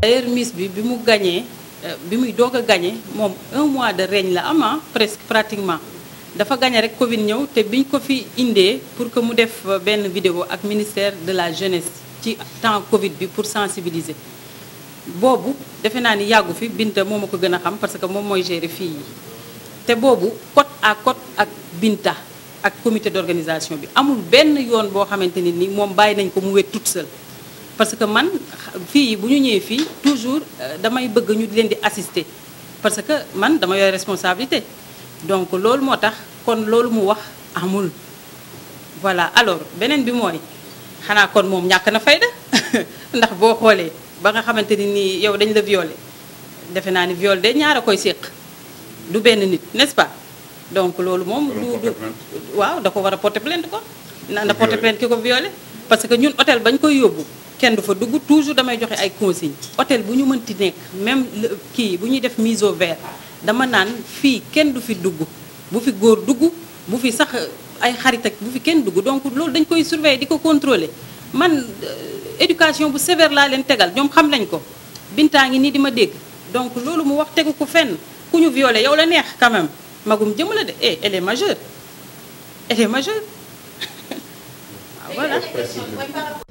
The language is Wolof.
D'ailleurs Miss bi bi mu gañee euh, bi muy doog a gañe un mois de règne la ama hein, presque pratiquement dafa gagner rek Covid ñëw te biñ ko fi pour que mu def ben vidéo ak ministère de la jeunesse ci temps Covid bi pour sensibiliser Bobu, defe naa ni fi Binta moo ma ko xam parce que moom mooy gérer fii yi te côte à côte ak Binta ak comité d'organisation bi amul ben yon bo xamante ni moom bàyyi ko mu toute seule parce que man fi, yi bu ñu toujours euh, damay bëgg ñu leen di assister parce que man dama yoy responsabilité donc lool motax kon lool mu wax amul voilà alors benen bi mooy xana kon mom ñak na fayda ndax bo xolé ba nga xamanteni ni yow dañ la violé défé na ni viol de koy séq du benn nit n'est-ce pas donc lool mom, du waaw da ko wara a porter plainte ko na na porter plainte ki ko violé parce que ñun hôtel bañ koy yobbu kenn du fa dugg toujours damay joxe ay consigne hôtel bu ñu mënti nekk même kii bu ñuy def mise au vert dama naan fii kenn du fi dugg bu fi góor dugg bu fi sax ay xarit ak bu fi kenn dugg donc loolu dañ koy surveiller di ko contrôler man euh, éducation bu sévère laa leen tegal ñoom xam lañ ko bintaa nii dégg donc loolu mu wax tegu ko fenn ku ñu violé yow la neex quand même magum jëm la de eh elle est majeure elle est majeure voilà